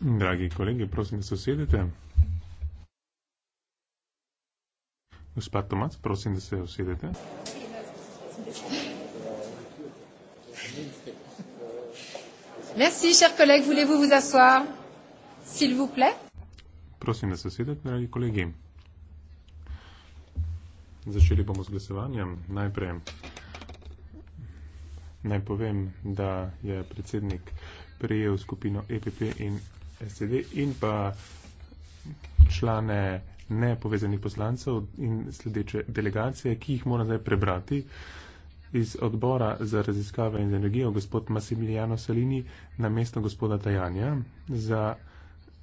Dragi kolegi, prosim, da se usedete. Gospod Tomac, prosim, da se usedete. Merci, cher collègue, voulez-vous vous asseoir, s'il vous plaît? Prosim, da se usedete, dragi kolegi. Začeli bomo z glasovanjem. Najprej. Naj povem, da je predsednik prijel skupino EPP in SCD in pa člane nepovezanih poslancev in sledeče delegacije, ki jih mora zdaj prebrati. Iz odbora za raziskave in energijo gospod Massimiliano Salini na mesto gospoda Tajanja za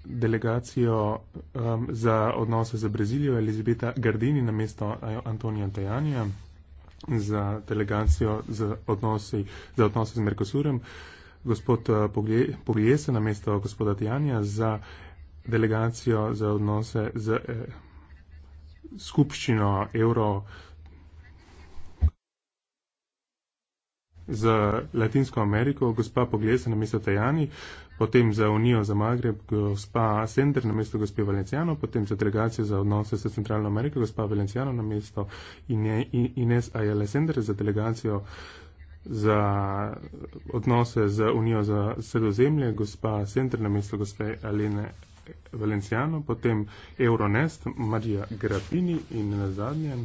delegacijo um, za odnose z Brazilijo Elizabeta Gardini na mesto Antonija Tajanja za delegacijo z odnosi, za odnose z Merkosurem. Gospod eh, Poglije se na mesto gospoda Tijanja za delegacijo za odnose z eh, skupščino Euro za Latinsko Ameriko, gospa Poglesa na mesto Tajani, potem za Unijo za Magreb, gospa Sender na mesto gospe Valenciano, potem za delegacijo za odnose s Centralno Ameriko, gospa Valenciano na mesto Ines Ayala Sender za delegacijo za odnose z Unijo za sredozemlje, gospa Sender na mesto gospe Alene Valencijano, potem Euronest, Marija Grabini in na zadnje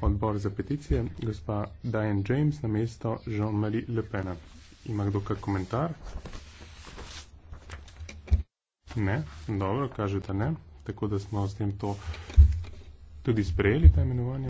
odbor za peticije, gospa Diane James na mesto Jean-Marie Le Pen. Ima kdo kak komentar? Ne, dobro, kaže, da ne. Tako da smo s tem to tudi sprejeli, ta imenovanje.